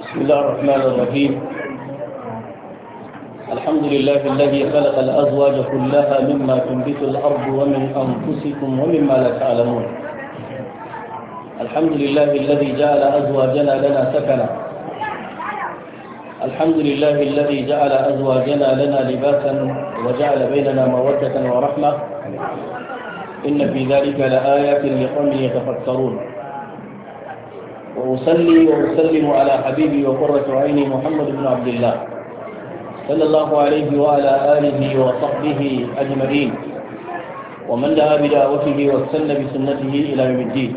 بسم الله الرحمن الرحيم الحمد لله الذي خلق الأزواج كلها مما تنبت الأرض ومن أنفسكم ومما لا تعلمون الحمد لله الذي جعل أزواجنا لنا سكنا الحمد لله الذي جعل أزواجنا لنا لباسا وجعل بيننا مودة ورحمة إن في ذلك لآيات لقوم يتفكرون وأصلي وأسلم على حبيبي وقرة عيني محمد بن عبد الله صلى الله عليه وعلى آله وصحبه أجمعين ومن دعا بدعوته واستنى بسنته إلى يوم الدين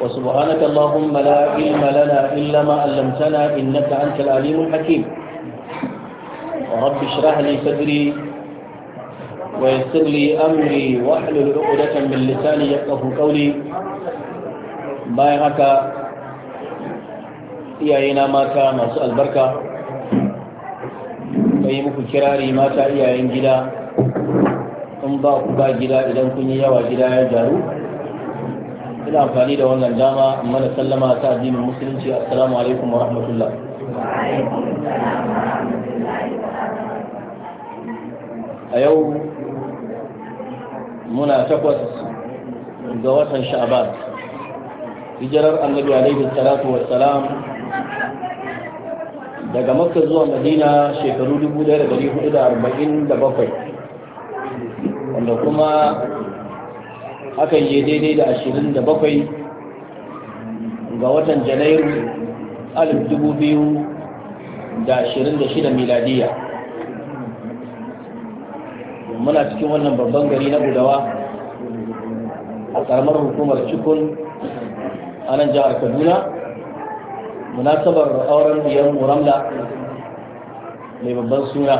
وسبحانك اللهم لا علم لنا إلا ما علمتنا إنك أنت العليم الحكيم ورب اشرح لي صدري ويسر لي أمري واحلل عقدة من لساني يفقه قولي bayan haka iyayena mata masu albarka yi muku kirari mata iyayen gida in ba ku ba gida idan kun yi yawa gida ya jaru ina amfani da wannan dama mana da sallama ta addinin musulunci assalamu alaikum wa rahmatullah a yau muna takwas ga watan shabar. hijirar annabi alaihi salatu salam daga makka zuwa madina shekaru 1447 wanda kuma hakan yi daidai da 27 ga watan janairu 2026 miladiya muna cikin wannan babban gari na gudawa a karamar hukumar cikin a jihar kaduna munasabar auren biyar ramla mai babban suna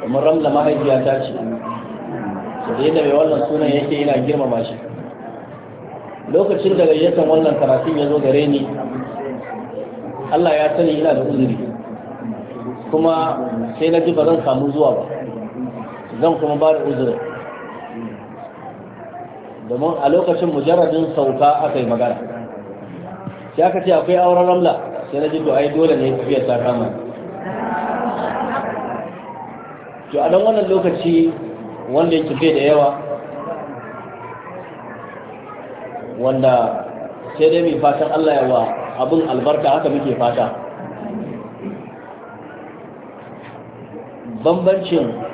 kamar ramla mahaifiya ta ce da yadda mai wannan sunan yake yana girmama shi lokacin da gayyatar wannan karatun ya zo gare ni Allah ya sani ina da uzuri kuma sai na ji ba zan samu zuwa ba zan kuma ba da uzurin domin a lokacin mujarradin sauka aka yi magana sai aka ce akwai auren ramla sai na ji to ai dole ne tafiyar ta kama to a don wannan lokaci wanda yake fiye da yawa wanda sai dai mai fatan Allah ya wa abin albarka haka muke fata bambancin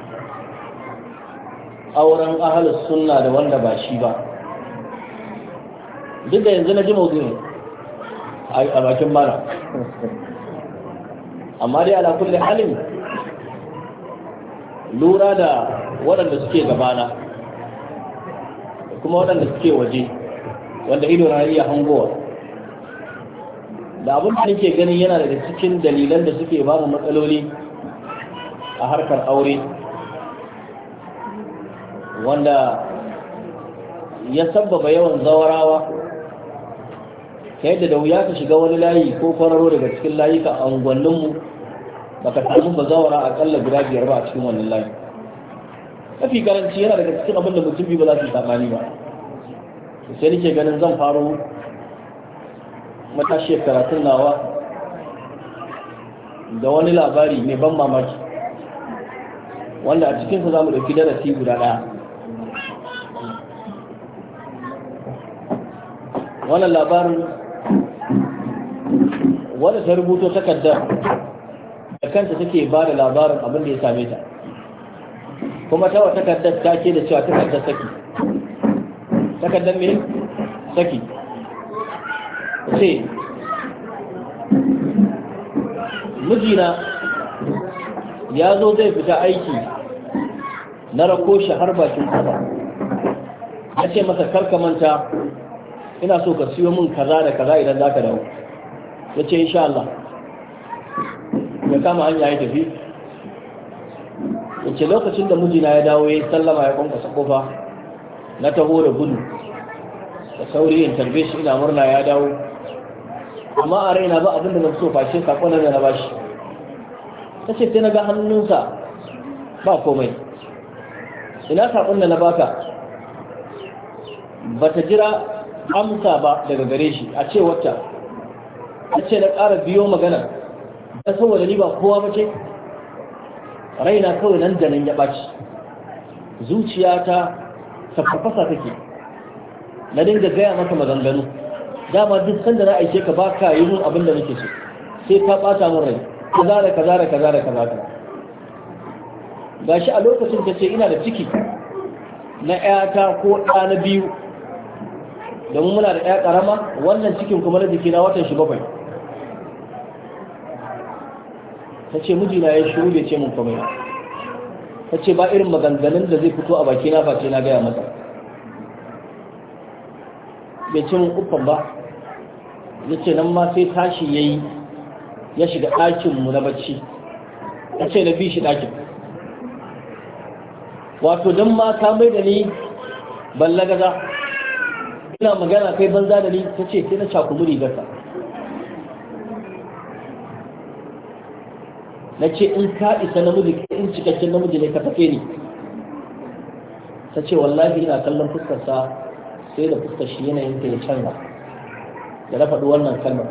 auren ahalus sunna da wanda ba shi ba duk da yanzu na ji ne, a bakin mana amma dai ala kulli halin lura da waɗanda suke gabana da kuma waɗanda suke waje wanda ido na iya hangowa da abin da nake ganin yana daga cikin dalilan da suke ba mu matsaloli a harkar aure wanda ya sabbaba yawan zawarawa ta yadda da wuya ka shiga wani layi ko kwararo daga cikin layuka a unguwanninmu ba ka samu ba zawara kalla guda biyar ba a cikin wannan layi mafi karanci yana daga cikin abin da mutum biyu ba za su tsamani ba sai nake ganin zan faro matashiyar karatun nawa da wani labari mai ban mamaki wanda a cikinsa za mu ɗauki darasi guda ɗaya wannan labarin wadda ta rubuto takarda da kanta take ba da labarin abin da ya same ta kuma ta wata takardar ta ke da cewa takardar saki takardar me saki ce mijina ya zo zai fita aiki na rako shi har bakin kafa ya ce masa karkamanta ina so ka siyo min kaza da kaza idan za ka dawo ya ce insha Allah ya kama hanya ya tafi ya lokacin da mijina ya dawo ya sallama ya kwankwasa kofa na taho da gudu da sauri in tarbe shi ina murna ya dawo amma a raina ba abinda na so fashe sakonan da na bashi ta ce sai na hannunsa ba komai ina sakon da na baka ba ta jira amsa ba daga gare shi a ce wata a ce na ƙara biyo magana ta saboda ni ba kowa ba ce raina kawai nan da nan ya ɓaci Zuciya zuciyata tafafasa take na dinga gaya masa maganganu dama duk sanda na aike ka ba ka yi mun abin da nake so sai ka ɓata mun rai kaza da kaza da kaza da kaza da gashi a lokacin ta ce ina da ciki na 'yata ko ɗa na biyu domin muna da ɗaya ƙarama wannan cikin kuma na jikina watan shi bakwai ta ce mijina ya shiru bai ce mun kwamai ta ce ba irin maganganun da zai fito a bakina na face na gaya masa bai ce mun kuffan ba ya ce nan ma sai tashi ya yi ya shiga ɗakinmu na bacci ta ce na bi shi ɗakin wato don ma ta mai da ni ballagaza ina magana kai banza da ni ta ce sai na cakumi rigarsa na ce in ka isa namiji in cikakken namiji ne ka tafe ni ta ce wallahi ina kallon fuskarsa sai da fuskar shi yanayin ta ya canza da na faɗi wannan kalmar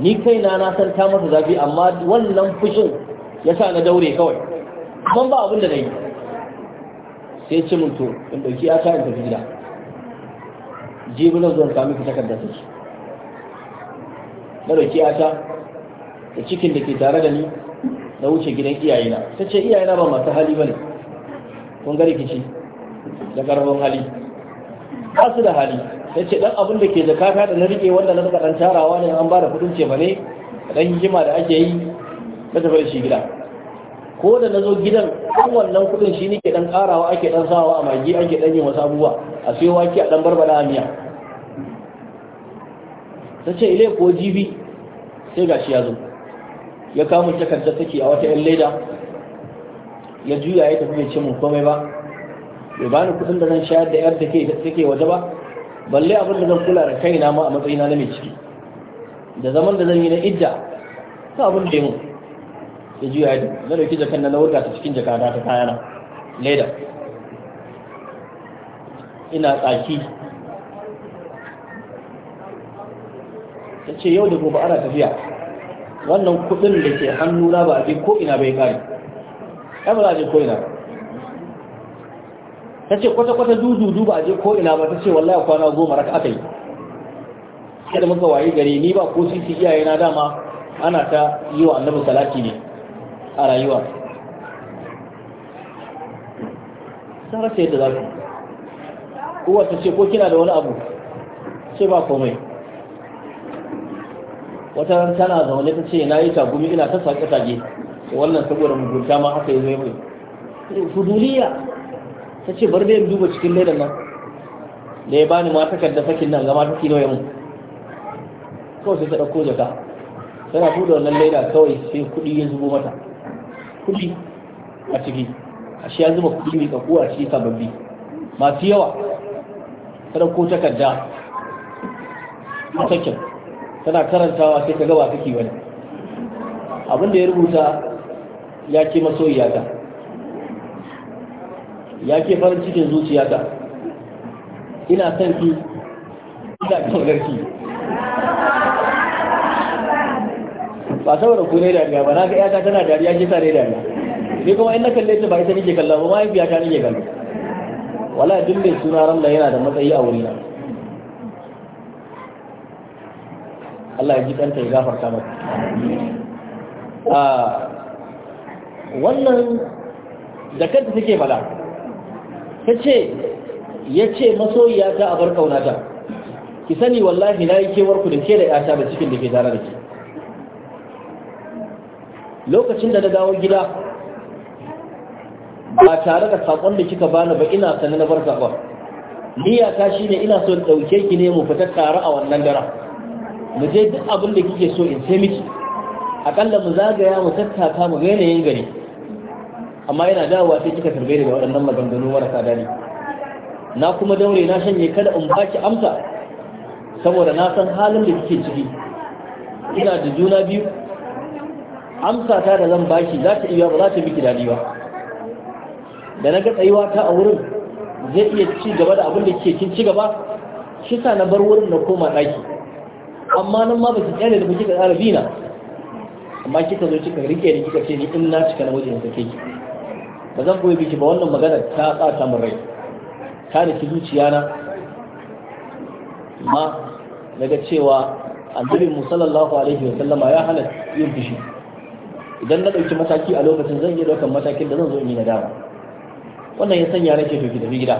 ni kaina na san ta masa zafi amma wannan fushin ya sa na daure kawai Kuma ba abin da na yi sai ce mun to in ɗauki ya ta in tafi gida jibina zuwan sami ku takardar su na roki ata da cikin da ke tare da ni na wuce gidan iyayena ta ce iyayena ba masu hali ba ne kun ga rikici da karfin hali ba su da hali ta ce dan abin da ke zakata da na rike wanda na saka dan tarawa ne an ba da kudin ce ba ne dan hijima da ake yi na tafi da shi gida ko da na zo gidan kan wannan kudin shi ne ke dan karawa ake dan sawa a magi ake dan yin wasu abubuwa a sai wake a dan barbada miya ta ce ile ko jibi sai gashi ya zo ya kama takarda takardar take a wata 'yan leda ya juya ya tafi bai ce mun komai ba bai bani kudin da zan shayar da yar da take waje ba balle abin da zan kula da kaina ma a matsayina na mai ciki da zaman da zan yi na idda ta abin da mu ya juya ya tafi na dauki jakan na wurga ta cikin jakada ta kayana leda ina tsaki ta ce yau da gobe ana tafiya wannan kudin da ke hannu na ba a je ko ina bai kare ai ba za a je ko ina ta ce kwata-kwata dududu ba a je ko ina ba ta ce wallaya kwana goma raka aka yi kada muka waye gari ni ba ko sisi iyaye na dama ana ta yi wa annabi salati ne a rayuwa sarrafa yadda za su Kowa ta ce ko kina da wani abu ce ba komai wata ran tana zaune ta ce na yi tagumi ina ta sake tage wannan saboda mugunta ma haka zai mai fuduliya ta ce bar da duba cikin laidan nan da ya bani mata kadda sakin nan gama ta kino nawa mu kawai sai ta ɗauko jaka tana tuda wannan laida kawai sai kudi ya zubo mata kudi a ciki a shi ya zuba kudi mai kakuwa a ciki sababbi masu yawa ta dauko takarda cikin tana karantawa sai ta gaba take wani abin da ya rubuta ya ke masoyiyata ya ke farin cikin zuciyata ina son ki ina garki ba saboda ku ne dariya ba na ga yata tana dariya ke sa ne dariya ne kuma in na kalle ta ba ita nake kalla ba ta nake kalla wala duk mai suna ran yana da matsayi a wurina Allah ya ji kanta ya gafarta masa a ah, wannan da kanta take fada ta ce ya ce masoyiya ta a bar kaunata ki sani wallahi na yi kewar ku da ke da yata da cikin da ke tare da ke lokacin da na dawo gida ba tare da sakon da kika bani ba ina sanin na bar ba niyya ta shine ina so dauke ki ne mu fita tare a wannan dara mu je duk abin da kike so in sai miki akalla mu zagaya mu tattaka mu ga yanayin gari amma yana dawowa sai kika tarbe da waɗannan maganganu marasa dani na kuma daure na shanye kada in baki amsa saboda na san halin da kike ciki ina da juna biyu amsa ta da zan baki za ta iya ba za ta miki dadi ba da na ga tsayuwa ta a wurin zai iya ci gaba da abin da ke kin ci gaba shi sa na bar wurin na koma ɗaki amma nan ma ba ki tsare da kika tsara bina amma kika zo kika rike ni kika ce ni in na cika na wajen ka ki. ba zan koyi biki ba wannan magana ta tsata min rai ta da ki zuciya na ma daga cewa annabi musallallahu alaihi wa sallama ya hana yin fushi idan na ɗauki mataki a lokacin zan iya ɗaukan matakin da zan zo in yi dama. wannan ya sanya nake to da gida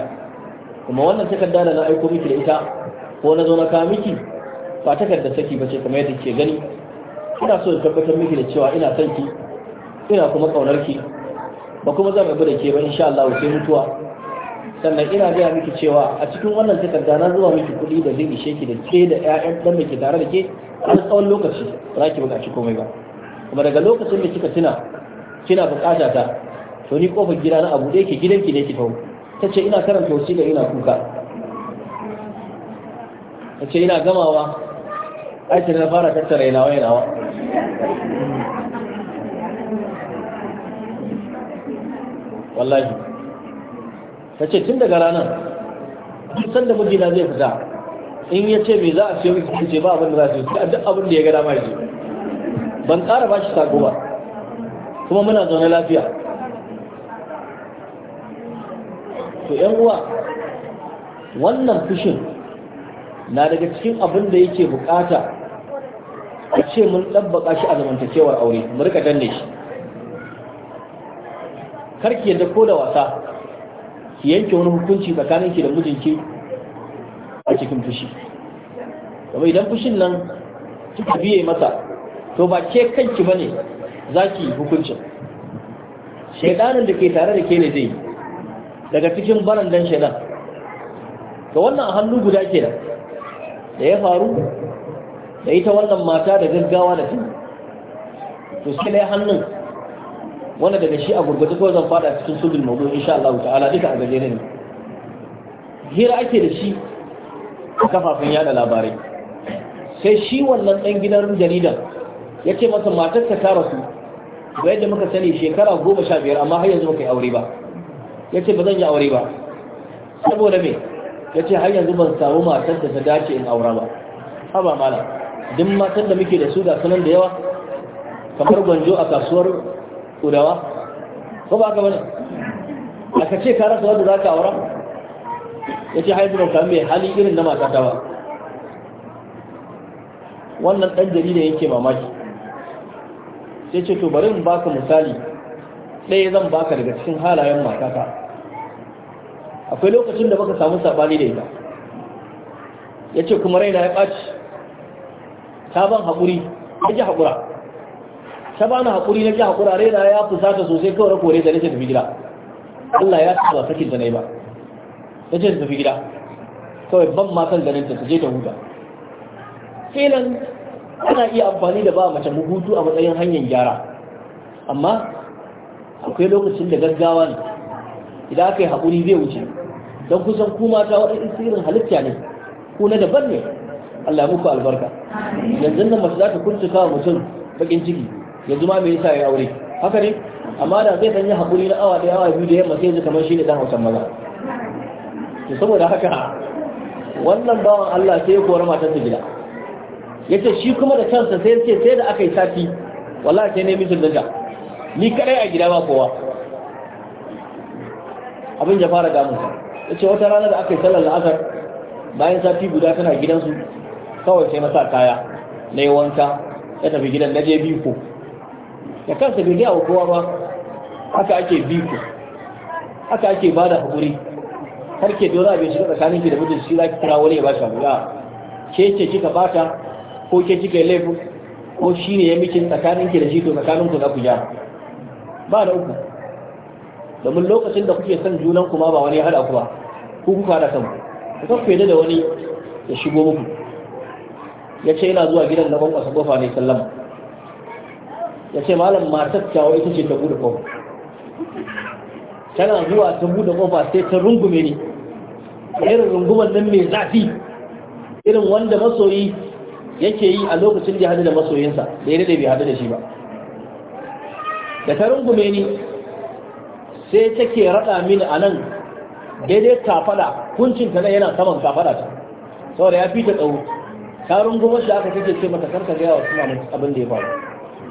kuma wannan takarda da na aiko miki da ita ko na zo na kawo miki ba takarda saki ba ce kamar yadda ke gani ina so in tabbatar miki da cewa ina son ki ina kuma kaunar ki ba kuma zan rabu da ke ba insha Allah sai mutuwa sannan ina gaya miki cewa a cikin wannan takarda na zuba miki kuɗi da zai ishe ki da ke da ƴaƴan dan da ke tare da ke har tsawon lokaci ba za ki buƙaci komai ba kuma daga lokacin da kika tuna kina buƙata ta to ni kofar gida na abu da yake gidanki ne ki tawo ta ce ina karanta da ina kuka ta ce ina gamawa aiki na fara tattara yana wai nawa wallahi ta ce tun daga ranar duk sanda mijina zai fita in ya ce me za a ce miki ce ba abin da za su yi duk abin da ya gada dama ban ƙara ba shi sako ba kuma muna zaune lafiya to ‘yan uwa wannan fushin na daga cikin abin da yake bukata a ce mun ɗabbaka shi a zamantakewar aure mu rika danne shi karki yadda ko da wasa ki yanke wani hukunci tsakaninki da mijinki a cikin fushi kuma idan fushin nan kika biye masa to ba ke kanki bane zaki hukuncin shaidanin da ke tare da ke ne zai daga cikin barandan shaidan to wannan hannu guda ke da ya faru da ita wannan mata da gaggawa da tun. to sai dai hannun wanda daga shi a gurgurta kawai zan fada cikin sulhul mawdu insha Allah ta'ala duka a gajere ne hira ake da shi a kafafen yada labarai sai shi wannan dan gidan jaridan yace masa matar ta rasu bai yadda muka sani shekara goma sha biyar amma har yanzu muka yi aure ba ya ce ba zan yi aure ba saboda me ya ce har yanzu ban samu matar da ta dace in aura ba haba mala duk matar da muke da su ga sanan da yawa kamar gwanjo a kasuwar kudawa ko ba ka bane aka ce ka rasa wanda za ka aura ya ce haifu da kame hali irin na matata ba wannan ɗan jarida yake mamaki sai ce to bari in baka misali ɗaya zan baka daga cikin halayen matata akwai lokacin da baka samu sabani da ita ya ce kuma raina ya ɓaci ta ban haƙuri ya ji haƙura ta bani haƙuri na ji haƙura raina ya fusata sosai kawai na kore ta nace tafi gida Allah ya saba sakin ta yi ba ta ce tafi gida kawai ban matan da ta ta je ta huta filan ana iya amfani da ba mace hutu a matsayin hanyar gyara amma akwai lokacin da gaggawa ne idan aka yi haƙuri zai wuce don kusan ku mata waɗansu irin halitta ne ku na daban ne Allah muku albarka yanzu nan mace za ta kuntuka kawo mutum bakin ciki yanzu ma me yasa ya aure haka ne amma da zai sanya haƙuri na awa da yawa biyu da yamma sai yanzu kamar shi ne dan hausan maza to saboda haka wannan bawan Allah sai ya kori matarsa gida yace shi kuma da kansa sai ce sai da aka yi sati wallahi sai ne mijin daga ni kadai a gida ba kowa abin ya fara damunsa ya ce wata rana da aka yi sallar la'asar bayan sati guda tana gidansu kawai sai na sa kaya na yi wanka ya tafi gidan na je biko da kansa bai gaya wa kowa ba haka ake biko haka ake ba da haƙuri har ke dora bai shiga tsakanin ki da mutum shi za ki kira wani ya ba shi ya ke ce kika bata ko ke kika yi laifin ko shi ne ya mikin tsakanin ki da shi to tsakanin ku za ku ja ba da uku domin lokacin da kuke son junan kuma ba wani hada ba, ku kuka da kanku ku kan fede da wani ya shigo muku ya ce yana zuwa gidan na kwankwasa kofa ne sallama ya ce malam matar kyawa ita ce ta bude kofa tana zuwa ta bude kofa sai ta rungume ne irin rungumar nan mai zafi irin wanda masoyi yake yi a lokacin da ya hadu da masoyinsa da ya daɗe bai hadu da shi ba da ta rungume ni sai take rada mini a nan daidai kafada kuncin ta yana saman kafada ta saboda ya fi ta tsawo ta rungumar da aka kake ce mata karka gaya wa suna abin da ya faru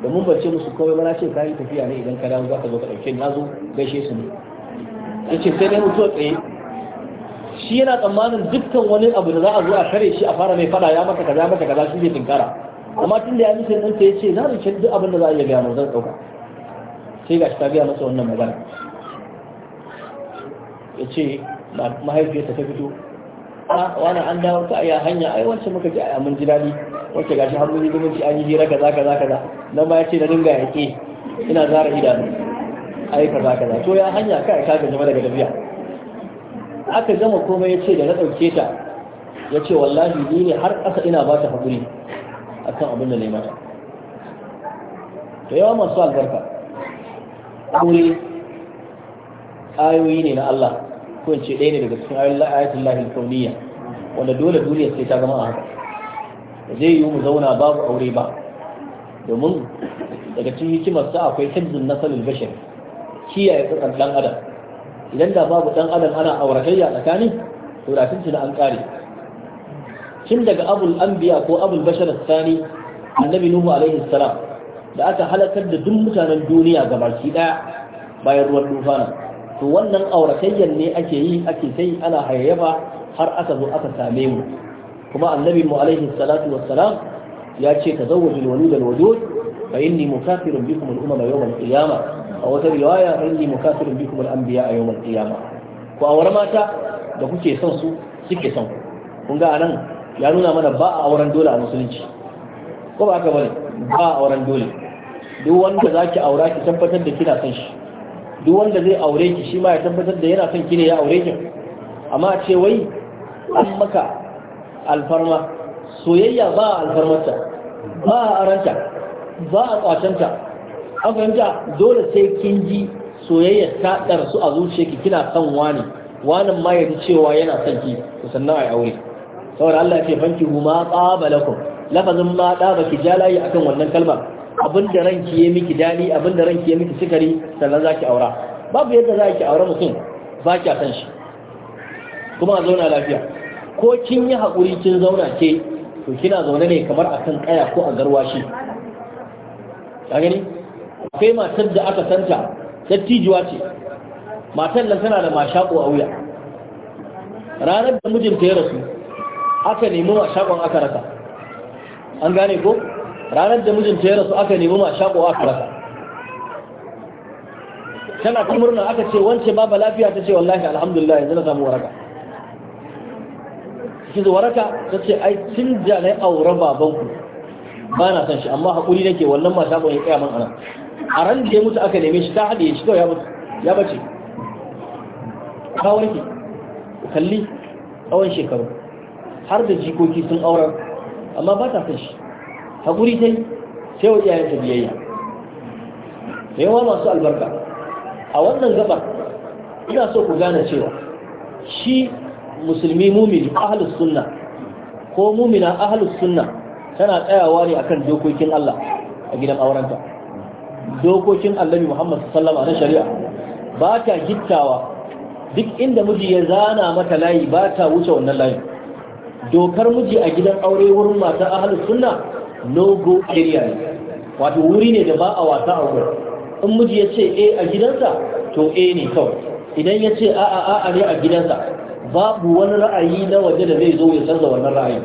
domin mun bace musu komai mana ce kayi tafiya ne idan ka dawo za ka zo ka ɗauke na zo gaishe su ne ya ce sai dai mutuwa tsaye shi yana tsammanin dukkan wani abu da za a zo a kare shi a fara mai fada ya mata kaza mata kaza shi zai tinkara amma tun da ya nufi ɗansa ya ce za mu ce duk abin da za a iya gaya mu zan ɗauka sai ga shi ta gaya masa wannan magana ya ce mahaifiyarsa ta fito a ah, wani an dawo ta a hanya ai wacce muka ji a mun ji daɗi wacce gashi har mun yi zumunci an yi hira kaza kaza kaza nan ma ya ce na dinga ke ina zara idanu ai kaza kaza to ya hanya kai ka jama'a daga tafiya aka gama komai ya ce da na dauke ta ya ce wallahi ni ne har ƙasa ina ba ta hakuri akan abin da na yi mata da yawa masu albarka aure ayoyi ne na Allah ko in ce ɗaya ne daga cikin ayatul lahi kauniya wanda dole duniya sai ta zama a haka zai yi mu zauna babu aure ba domin daga cikin hikimar sa akwai hibzun nasalul bashar kiyaye tsakan dan adam idan da babu dan adam ana auratayya tsakanin to da tun an kare tun daga abul anbiya ko abul bashar sani annabi nuhu alaihi salam da aka halakar da duk mutanen duniya gabaki daya bayan ruwan tufana to wannan auratayyar ne ake yi ake sai ana hayayyafa har aka zo aka same mu kuma annabi mu alaihi salatu wassalam ya ce tazawwaju alwalud alwadud fa inni mukafirun bikum al-umam yawm al-qiyamah a wata riwaya fa inni mukafirun bikum al-anbiya yawm al-qiyamah ku aure mata da kuke son su suke son ku kun ga anan ya nuna mana ba a auren dole a musulunci ko ba haka bane ba a auren dole duk wanda za ki aura ki tabbatar da kina son shi duk wanda zai aure ki shi ma ya tabbatar da yana son ki ne ya aure ki amma ce wai an maka alfarma soyayya ba a alfarmarta ba a aranta ba a kwacenta an fahimta dole sai kin ji soyayya ta ɗarsu a ki kina son wani wanan ma ya cewa yana son ki to sannan ai aure saboda Allah ya ce fanki huma qabalakum lafazin ma da baki jalayi akan wannan kalmar abin da ranki ya miki daɗi, abin da ranki ya miki sikari sannan za ki aura babu yadda za ki aura mutum ba ki san shi kuma zauna lafiya ko kin yi hakuri kin zauna ke to kina zaune ne kamar akan kaya ko a garwashi ka gani akwai matar da aka santa dattijuwa ce matar nan tana da mashako a wuya ranar da mijinta ya rasu aka nemi mashakon aka rasa an gane ko ranar da mijinta ya rasu aka nemi mashako a rasa tana ta murna aka ce wance baba lafiya ta ce wallahi alhamdulillah yanzu na samu waraka cikin waraka ta ce ai tun da na aure babanku ba na san shi amma haƙuri nake wannan mashakon ya tsaya man ana a ran da ya mutu aka neme shi ta haɗe shi kawai ya bace ka warke kalli tsawon shekaru har da jikoki sun aurar amma ba ta san shi haƙuri ta yi sai wa iyayenta biyayya yawa masu albarka a wannan gabar ina so ku gane cewa shi musulmi mumini ahlus sunna ko mumina ahlus sunna tana tsayawa ne akan dokokin Allah a gidan aurenta dokokin Annabi Muhammad Sallama na shari'a ba ta gittawa duk inda miji ya zana mata layi ba ta wuce wannan layi. dokar miji a gidan aure wurin mata ahlus sunna no go area ne wato wuri ne da ba a wasa a wurin in miji ya ce eh, a gidansa to a eh, ne kawai idan ya ce a'a a ne a gidansa babu wani ra'ayi na waje da zai zo ya canza wannan ra'ayi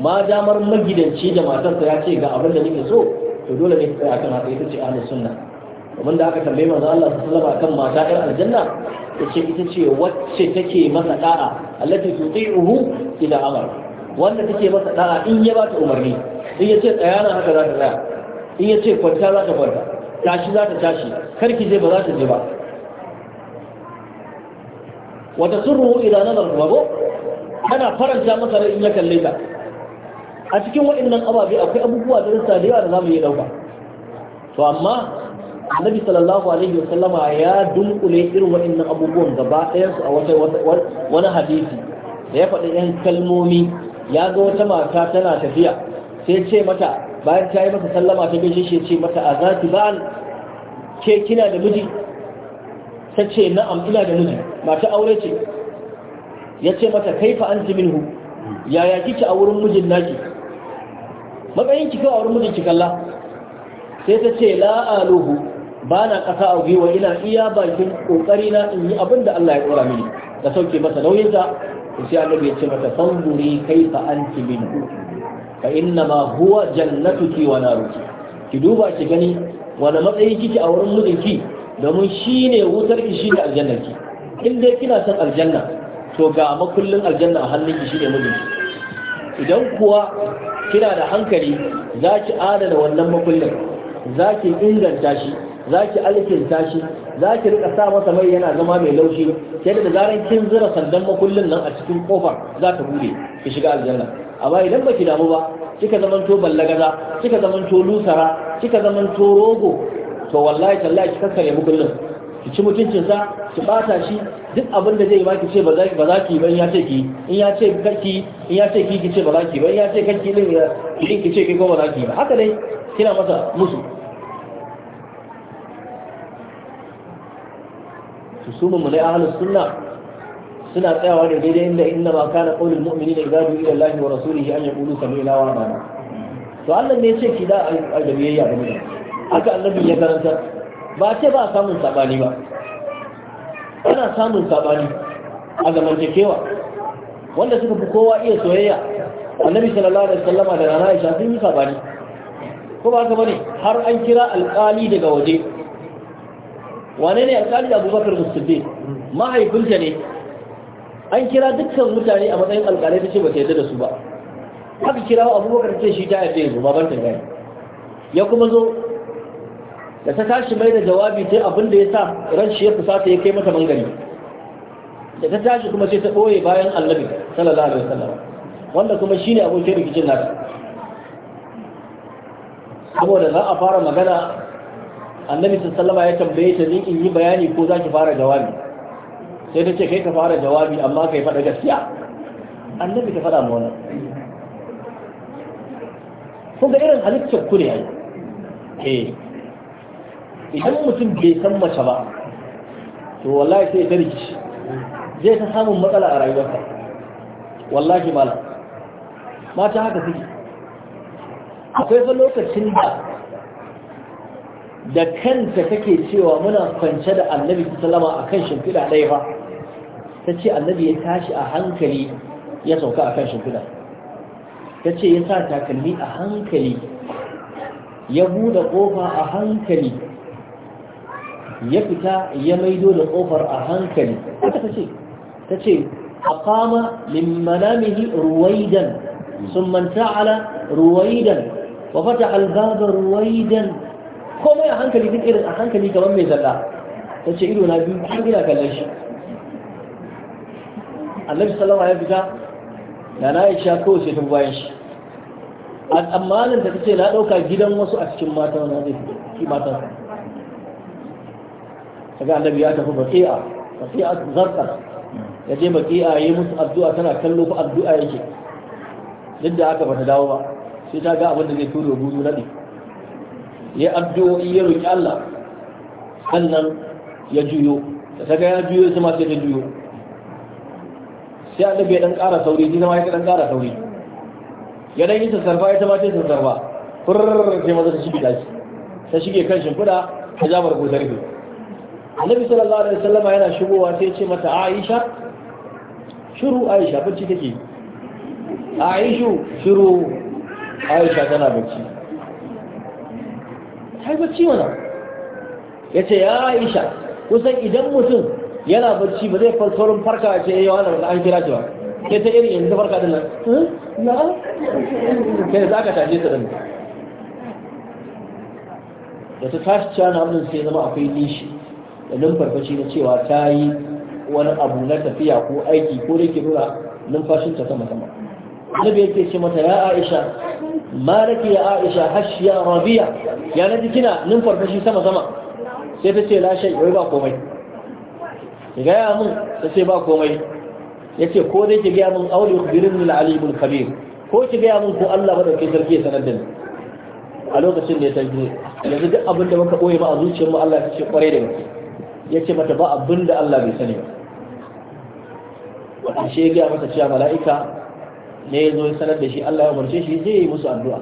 ma damar magidanci da matarsa ya ce ga abin da nake so to dole ne tsaya kan haka ita ce ahlus sunna kamar da aka tambaye manzo Allah sallallahu alaihi kan mata ɗan aljanna ce ita ce wacce take masa da'a allati tuti'uhu ila amr wanda take masa da'a in ya bata umarni in ya ce tsaya na haka za ta tsaya in ya ce kwanta za ta kwanta tashi za ta tashi karki je ba za ta je ba wata surru idan nazar kuma ko kana faranta masa rai in ya kalle ta a cikin waɗannan ababe akwai abubuwa da rasa da yawa da zamu yi dauka to amma annabi sallallahu alaihi wasallama ya dunkule irin waɗannan abubuwan gaba ɗayan su a wata wani hadisi da ya faɗi ɗan kalmomi ya ga wata mata tana tafiya sai ce mata bayan ta yi masa sallama ta gaishe shi ce mata a za ki ba'al ke kina da miji ta ce na'am ina da miji mata aure ce ya ce mata kaifa an minhu yaya kike a wurin mijin naki matsayin kika a wurin mijin ki kalla sai ta ce la'aluhu ba na ƙasa a gwiwa ina iya bakin ƙoƙari na in yi abin da Allah ya ƙora mini da sauke masa nauyinsa sai annabi ya ce mata samburi kaifa an minhu Ka inna ma huwa jannatuki wa naruki ki duba ki gani wani matsayin kike a wurin mijinki domin shine wutar ki shine aljanna ki in dai kina san aljanna to ga makullin aljanna a hannun ki shine mijinki idan kuwa kina da hankali za ki adana wannan makullin za ki inganta shi za ki alkinta shi za ki rika sa masa mai yana zama mai laushi sai da zaran kin zira sandan makullin nan a cikin kofar za ta bude ki shiga aljanna amma idan baki damu ba kika zamanto ballagaza kika zamanto lusara kika zamanto rogo to wallahi tallahi ki kakkare mu ki ci mutuncin sa ki bata shi duk abin da zai ba ki ce ba za ki ba za ki ba in ya ce ki in ya ce karki in ya ce ki ki ce ba za ki ba in ya ce karki din ki ki ce ki ko ba za ki ba haka dai kina masa musu su su mu ne ahlus sunna suna tsayawa da daidai inda inna ma kana qaulul mu'minina idza du'u ila Allahi wa rasulihi an yaqulu sami'na wa ata'na to Allah ne ce ki da aljabiyya da mutane Aka annabi ya karanta ba ce ba samun sabani ba ana samun sabani a zamantakewa wanda suka fi kowa iya soyayya annabi sallallahu alaihi wasallam da nana Aisha sun yi sabani ko ba ka bane har an kira alƙali daga waje wane ne alƙali Abubakar Siddiq mahaifinta ne an kira dukkan mutane a matsayin alƙalai ta ce ba ta yadda da su ba haka kira abubakar ce shi ta yadda yanzu baban ta gani ya kuma zo da ta tashi mai da jawabi ta abin da ya sa ran shi ya fusata ya kai mata mangani. da ta tashi kuma sai ta ɓoye bayan annabi sallallahu alaihi wasallam wanda kuma shine abokin rikicin nasu. saboda za a fara magana annabi sallallahu alaihi wasallam ya tambaye ta ni in yi bayani ko za ki fara jawabi sai ta ce kai ka fara jawabi amma kai faɗa gaskiya annabi ta faɗa mana kun ga irin halittar ku ne ai eh idan mutum bai san mace ba to wallahi sai ta rikici zai ta samun matsala a rayuwarsa wallahi mala mata haka suke akwai fa lokacin da da kanta take cewa muna kwance da annabi sallama a kan shimfiɗa ɗaya ba ta ce annabi ya tashi a hankali ya sauka a kan shimfiɗa ta ce ya sa takalmi a hankali ya buɗe ƙofa a hankali ya fita ya maido da ƙofar a hankali ta ce ta ce a kama limmanamihi ruwaidan sun manta ala ruwaidan wa fata albaba ruwaidan kai a hankali duk irin a hankali kamar mai zalla ta ce ido na biyu har gina kallon shi annabi sallama ya fita da na ya sha kowace tun bayan shi a tsammanin ta ce na ɗauka gidan wasu a cikin mata na zai fi mata ga annabi ya tafi baki'a baki'a zarqa ya je ya yi musu addu'a tana kallo fa addu'a yake duk da haka ba ta dawo ba sai ta ga abin da zai turo gudu nadi ya addu'o'i ya roƙi Allah sannan ya juyo da ta ga ya juyo su masu sai ta juyo sai a ɗabe ɗan ƙara sauri ita zama ya ɗan ƙara sauri ya ɗan yi sassarfa ya zama ta sassarfa furr ce maza ta shige daji ta shige kan shimfiɗa ta ja ko ta rufe annabi sallallahu alaihi wasallama yana shigowa sai ce mata aisha shiru aisha bacci take aishu shiru aisha tana bacci ta bacci mana ya ce ya aisha kusan idan mutum yana bacci ba zai saurin farka ce ya yi wani da an kira cewa sai ta irin yanzu farka din nan sai da ka tashe ta din da ta tashi cana hannun sai zama akwai nishi da numfarfashi na cewa ta yi wani abu na tafiya ko aiki ko da ke nuna numfashinta sama sama nabi yake ce mata ya aisha malaki ya aisha hashi ya rabia ya na kina numfarfashi sama sama sai ta ce lashe yau ba komai ki gaya mun ta ce ba komai ya ce ko dai ki gaya mun aure kubirin nila alibul kabir ko ki gaya mun ko allah maɗauki sarki ya sanar da ni a lokacin da ya tarbi yanzu duk abin da muka ɓoye ba a zuciyar mu allah ya ce kwarai da gaske ya ce mata ba abin da allah bai sani ba wadda shi ya gaya mata cewa mala'ika ne ya zo sanar da shi Allah ya umarce shi zai yi musu addu'a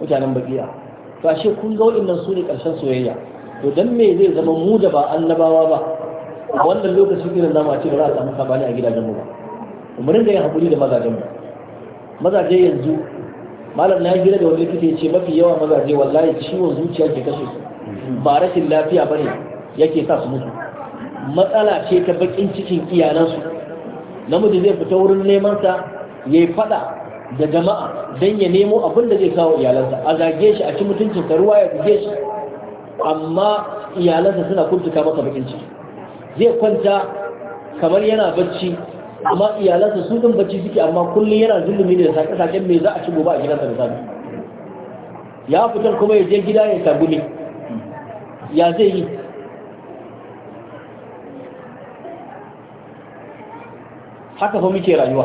mutanen bakiya to ashe kun ga waɗannan su ne ƙarshen soyayya to dan me zai zama mu da ba annabawa ba wannan lokacin irin zamu a ce ba za a samu sabani a gidajen mu ba mu da ya hakuri da mazajen mu mazaje yanzu malam na gida da wani likita ce mafi yawa mazaje wallahi ciwon zuciya ke kashe su ba rashin lafiya bane yake sa su mutu matsala ce ta bakin cikin iyalansu namiji zai fita wurin neman sa ya yi fada da jama'a don ya nemo abin da zai kawo iyalansa a zage shi a ci mutuncin ta ruwa ya zage shi amma iyalansa suna kuntuka masa bakin ciki zai kwanta kamar yana bacci amma iyalansa su din bacci suke amma kullum yana zulumi da sake-saken mai za a ci gobe a gidansa da sami ya fitar kuma ya je gida ya sabuli ya zai yi haka fa muke rayuwa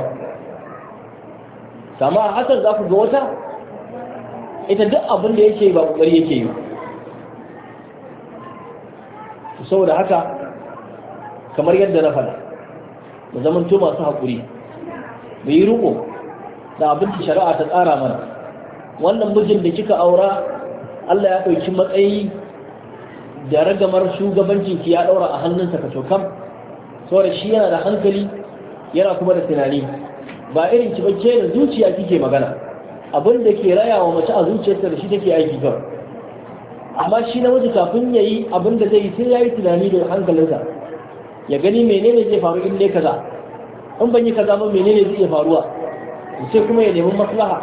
kama a asar za ku ga wata ita duk abin da yake ba kokari yake yi saboda haka kamar yadda na faɗa zaman tuma masu haƙuri da yi ruko da abin da shari'a ta tsara mana wannan mijin da kika aura Allah ya ɗauki matsayi da ragamar shugabancin ki ya ɗaura a hannunsa ka cokam saboda shi yana da hankali yana kuma da tunani ba irin ki ba da zuciya kike magana abin da ke raya wa mace a zuciyarta da shi take aiki kawai amma shi na miji kafin ya yi abin da zai yi sai ya yi tunani da hankalinsa ya gani menene zai faru in ne kaza in ban yi kaza ba menene zai iya faruwa sai kuma ya nemi maslaha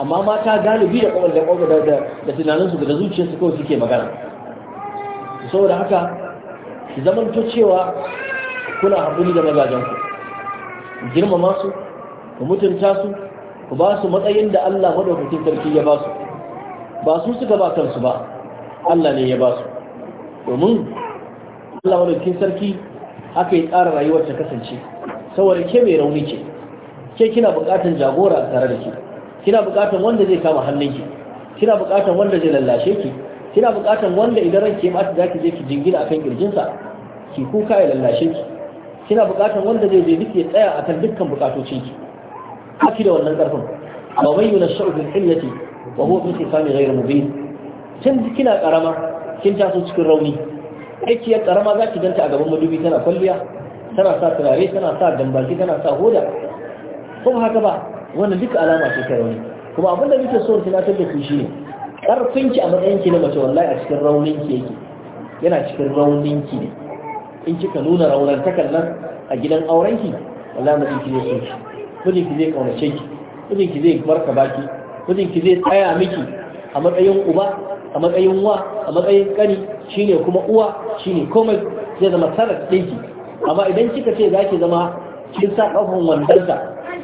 amma mata galibi da kawai da kawai da tunaninsu da zuciyarsu kawai suke magana saboda haka ki zamanto cewa kuna haƙuri da ku. girmama su ku mutunta su ku ba su matsayin da Allah madaukakin sarki ya ba su ba su suka ba kansu ba Allah ne ya ba su domin Allah madaukakin sarki haka ya tsara rayuwar ta kasance saboda ke mai rauni ke? ke kina buƙatar jagora tare da ke kina buƙatar wanda zai kama hannun ki? kina buƙatar wanda zai lallashe ki kina buƙatar wanda idan ranke ta zaki je ki jingina akan kirjinsa ki kuka ya lallashe ki kina buƙatar wanda zai je duk ya tsaya akan dukkan bukatocinki ki ba da wannan ƙarfin wa man yunashu bil illati wa huwa fi khisami ghayr mubin tun kina karama kin taso cikin rauni aikiyar karama za ki ganta a gaban madubi tana kwalliya tana sa turare tana sa dambaki tana sa hoda kuma haka ba wannan duka alama ce ta rauni kuma abin da nake so kina da shi shine karfin ki a matsayin ki na mace wallahi a cikin raunin ki yake yana cikin raunin ki ne in kika nuna raunan takan nan a gidan auren ki wallahi mutum ki ne so mijinki zai kaunace ki mijinki zai markaba ki mijinki zai tsaya miki a matsayin uba a matsayin wa a matsayin kani shine kuma uwa shine komai zai zama sarar ɗinki amma idan kika ce za ki zama kin sa ƙafan wandonsa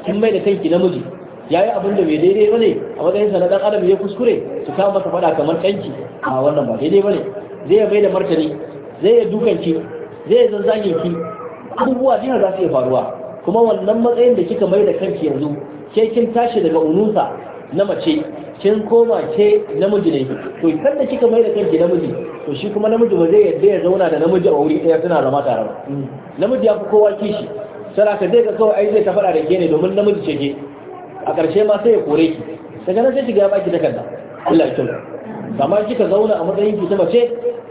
kin mai da kanki namiji ya yi abin da bai daidai ba ne a matsayinsa na ɗan adam ya kuskure su kama masa faɗa kamar ɗanki a wannan ba daidai ba ne zai mai da martani zai ya dukanki zai ya zanzanyanki abubuwa jihar za su iya faruwa kuma wannan matsayin da kika mai da kanki yanzu ke kin tashi daga unusa na mace kin koma ce namiji ne to kan da kika mai da kanki namiji to shi kuma namiji ba zai yadda ya zauna da namiji a wuri ɗaya suna zama tare ba namiji ya fi kowa kishi saraka zai ka kawai ai zai ta faɗa da ke ne domin namiji ce ke a ƙarshe ma sai ya kore ki daga nan sai shiga ya baki takarda Allah ya kyau kamar kika zauna a matsayin ki ta mace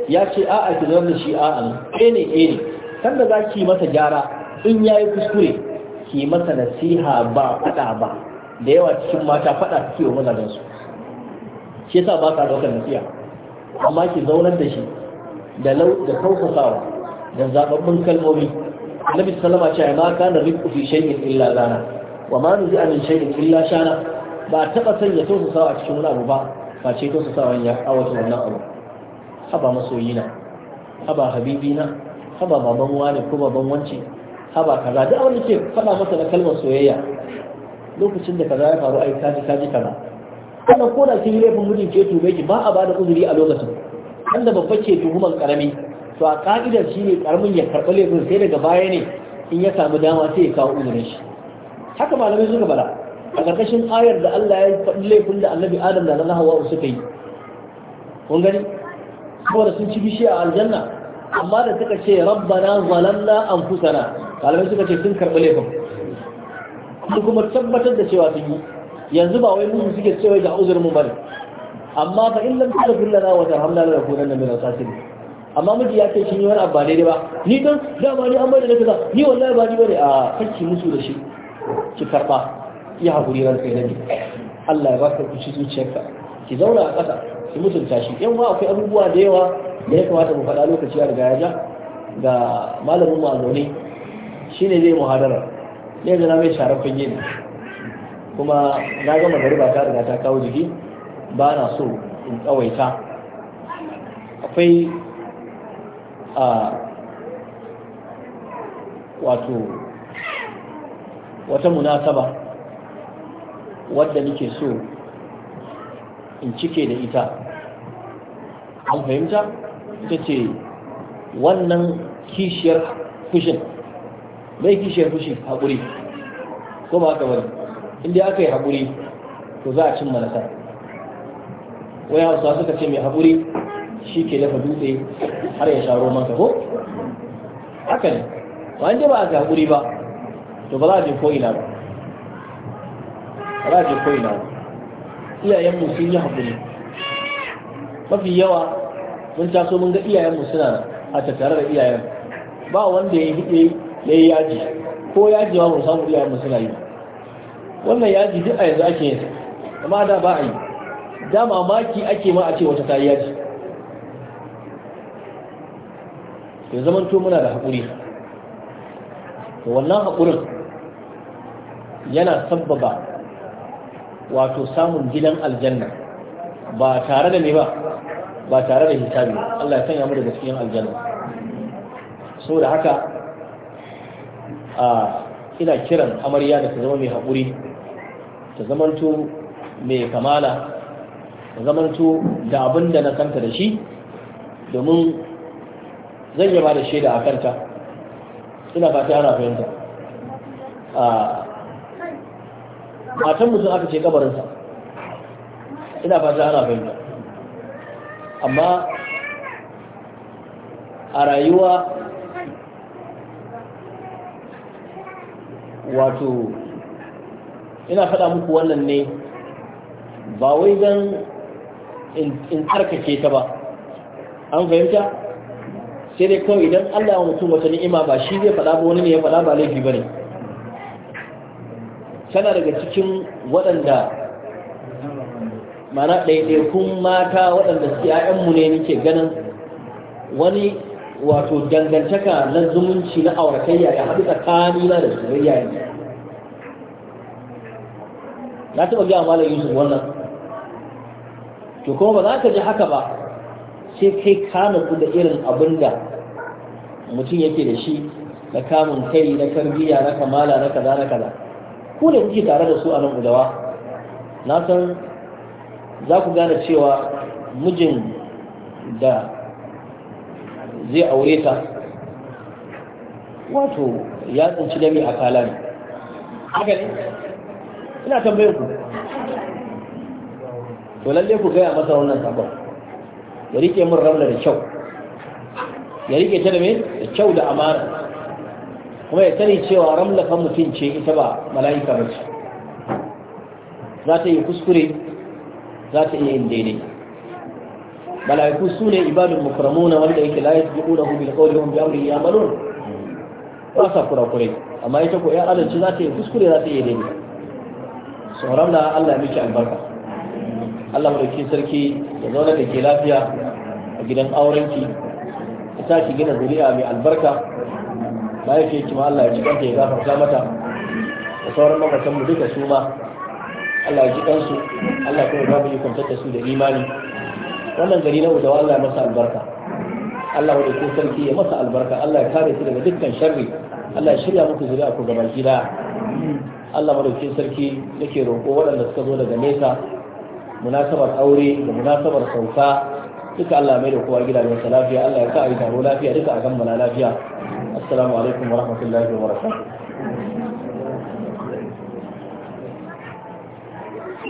ya ce a'a ki zauna shi a'a ne ne ne kan da zaki masa gyara in ya yi kuskure ki masa nasiha ba faɗa ba da yawa cikin mata faɗa suke wa mazajensu shi yasa ba ka daukar nasiha amma ki zaunar da shi da lau da kausasawa da zaɓaɓɓun kalmomi annabi Salama cewa ma na rikku fi shay'in illa zana wa ma nuzi'a amin shay'in illa shana ba a taɓa sanya tausasawa a cikin wani abu ba ba ce tausasawa ya awata wannan abu haba masoyina haba habibina haba baban wani ko baban wance haba kaza duk abin da ke faɗa masa na kalmar soyayya lokacin da kaza ya faru ai kaji kaji kaza kana ko da kin yi laifin mijin ke tube ki ba a bada uzuri a lokacin wanda babba ke tuhumar karami to a ka'idar shi ne karamin ya karɓi laifin sai daga baya ne in ya samu dama sai ya kawo uzurin shi haka malamai suka faɗa, a ƙarƙashin ayar da Allah ya faɗi laifin da annabi Adam da na Hawwa suka yi kun gani saboda sun ci bishiya a aljanna amma da suka ce rabbana zalanna anfusana malamai suka ce sun karɓi laifin su kuma tabbatar da cewa sun yi yanzu ba wai musu suke cewa ga uzurin mu bane amma fa in lam taghfir lana wa tarhamna la nakunanna min al-khasirin amma miji ya ce shi ne wani abu ba ba ni dan dama ni an bai da kaza ni wallahi ba ni bane a kacci musu da shi ki karba ya hakuri ran kai ne Allah ya baka kuci zuciyarka ki zauna a ƙasa ki mutunta shi yan wa akwai abubuwa da yawa da ya kamata mu faɗa lokaci ya riga ya ja ga malamin mu a zaune Shi ne zai muhadara ne da na mai sharar fage kuma na gama ba ta riga ta kawo jiki ba na so in tsawaita akwai a wato wata munasaba wadda nake so in cike da ita an fahimta ita ce wannan kishiyar kushin mai kishiyar fushi haƙuri ko ba ka bari? inda aka yi haƙuri to za a cin manasa wani hausa suka ce mai haƙuri shi ke dafa dutse har ya sharo maka ko haka ne ba inda ba a ga haƙuri ba to ba za a je ko ina ba ba za a je ko ina ba iyayenmu sun yi haƙuri mafi yawa mun taso mun ga iyayenmu suna a tattare da iyayen ba wanda ya yi ya yaji ko yaji ma mu samu iyayen mu suna yi wannan yaji duk a yanzu ake yin amma da ba a yi da mamaki ake ma a ce wata ta yi yaji Ya zaman to muna da haƙuri wannan haƙurin yana sabbaba wato samun gidan aljanna ba tare da ne ba ba tare da hisabi Allah ya sanya mu da cikin aljanna Saboda haka ina kiran amarya da ta zama mai haƙuri ta zamanto mai kamala ta zamanto da abin da na kanta da shi domin zan yaba da shaida a kanta ina fata ana fahimta matan mutum aka ce kabarinsa ina fata ana fahimta amma a rayuwa wato ina faɗa muku wannan ne ba wai zan in tsarkake ta ba an fahimta sai dai kawai idan allah wa mutum wata ni'ima ba shi zai faɗa ba wani ne ya faɗa ba laifi ba ne tana daga cikin waɗanda mana ɗaiɗaikun mata waɗanda su ‘ya'yanmu ne nike ganin wani wato dangantaka na zumunci na auratayya ya haɗu tsakani na da soyayya ne na taɓa gaya malam yusuf wannan to kuma ba za ka ji haka ba sai kai kama ku da irin abin da mutum yake da shi na kamun kai na karbiya na kamala na kaza na kaza ku da kuke tare da su a nan gudawa na san za ku gane cewa mijin da zai aure ta wato ya tsinci dami a kala ne haka ne ina tambayar ku to lalle ku gaya masa wannan sabon ya rike min ramla da kyau ya rike ta da me da kyau da amara kuma ya sani cewa ramla kan mutum ce ita ba mala'ika ba ce za ta yi kuskure za ta iya yin daidai malaiku su ne ibadun mukramuna wanda yake la yasbiqunahu bil qawli hum bi amri ya'malun ba sa kure amma ita ko ya adalci za ta yi kuskure za ta yi daidai sauran na Allah miki albarka Allah mulki sarki ya zauna da ke lafiya a gidan aurenki ta ki gina zuri'a mai albarka mahaifiyarki ma Allah ya ci kanta ya gafarta mata da sauran mu duka su ma Allah ya ji kansu Allah kuma babu ikon su da imani wannan gari na wuta Allah masa albarka Allah sarki ya masa albarka Allah ya kare su daga dukkan sharri Allah ya shirya muku zuriya ku gaban gida Allah madaukakin sarki yake roƙo waɗanda suka zo daga nesa munasabar aure da munasabar sauka duka Allah mai da kowa gidajen sa lafiya Allah ya ka a taro lafiya duka a gammala lafiya assalamu alaikum wa rahmatullahi wa barakatuh